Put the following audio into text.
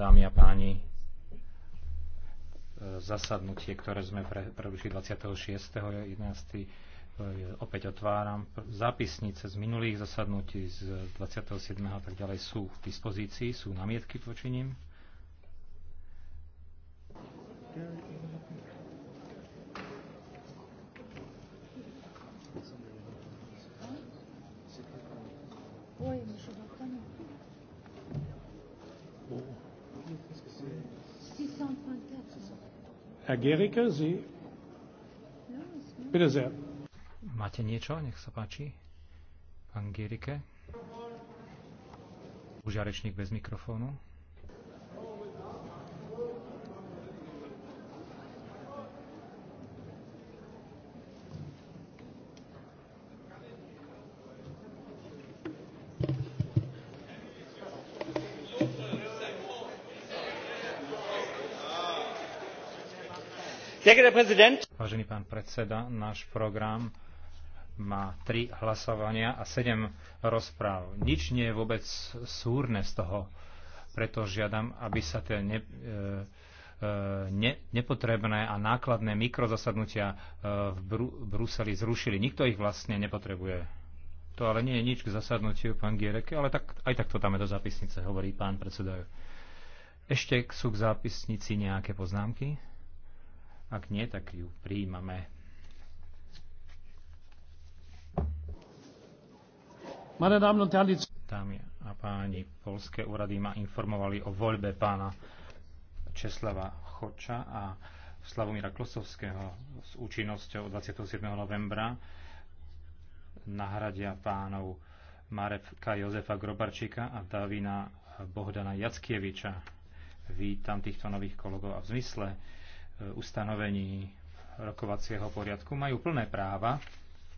dámy a páni. E, zasadnutie, ktoré sme prerušili 26.11. E, opäť otváram. Zápisnice z minulých zasadnutí z 27. a tak ďalej sú k dispozícii, sú namietky počiním. nim. Oui, mais je dois Herr Gericke, Sie? Bitte sehr. Máte niečo? Nech sa páči. Pán Gericke. Už bez mikrofónu. Vážený pán predseda, náš program má tri hlasovania a sedem rozpráv. Nič nie je vôbec súrne z toho, preto žiadam, aby sa tie ne, e, e, ne, nepotrebné a nákladné mikrozasadnutia e, v Bru- Bruseli zrušili. Nikto ich vlastne nepotrebuje. To ale nie je nič k zasadnutiu pán Giereke, ale tak, aj tak to je do zápisnice, hovorí pán predseda. Ešte sú k zápisnici nejaké poznámky? Ak nie, tak ju prijímame. Dámy a páni, polské úrady ma informovali o voľbe pána Česlava Choča a Slavomíra Klosovského s účinnosťou 27. novembra nahradia pánov Marevka Jozefa Grobarčíka a Davina Bohdana Jackieviča. Vítam týchto nových kolegov a v zmysle ustanovení rokovacieho poriadku majú plné práva